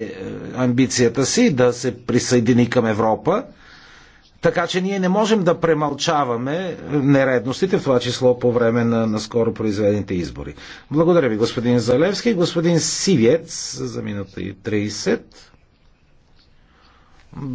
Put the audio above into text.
Е, амбицията си да се присъедини към Европа. Така че ние не можем да премълчаваме е, нередностите, в това число по време на, на скоро произведените избори. Благодаря ви, господин Залевски. Господин Сивец, за минута и 30.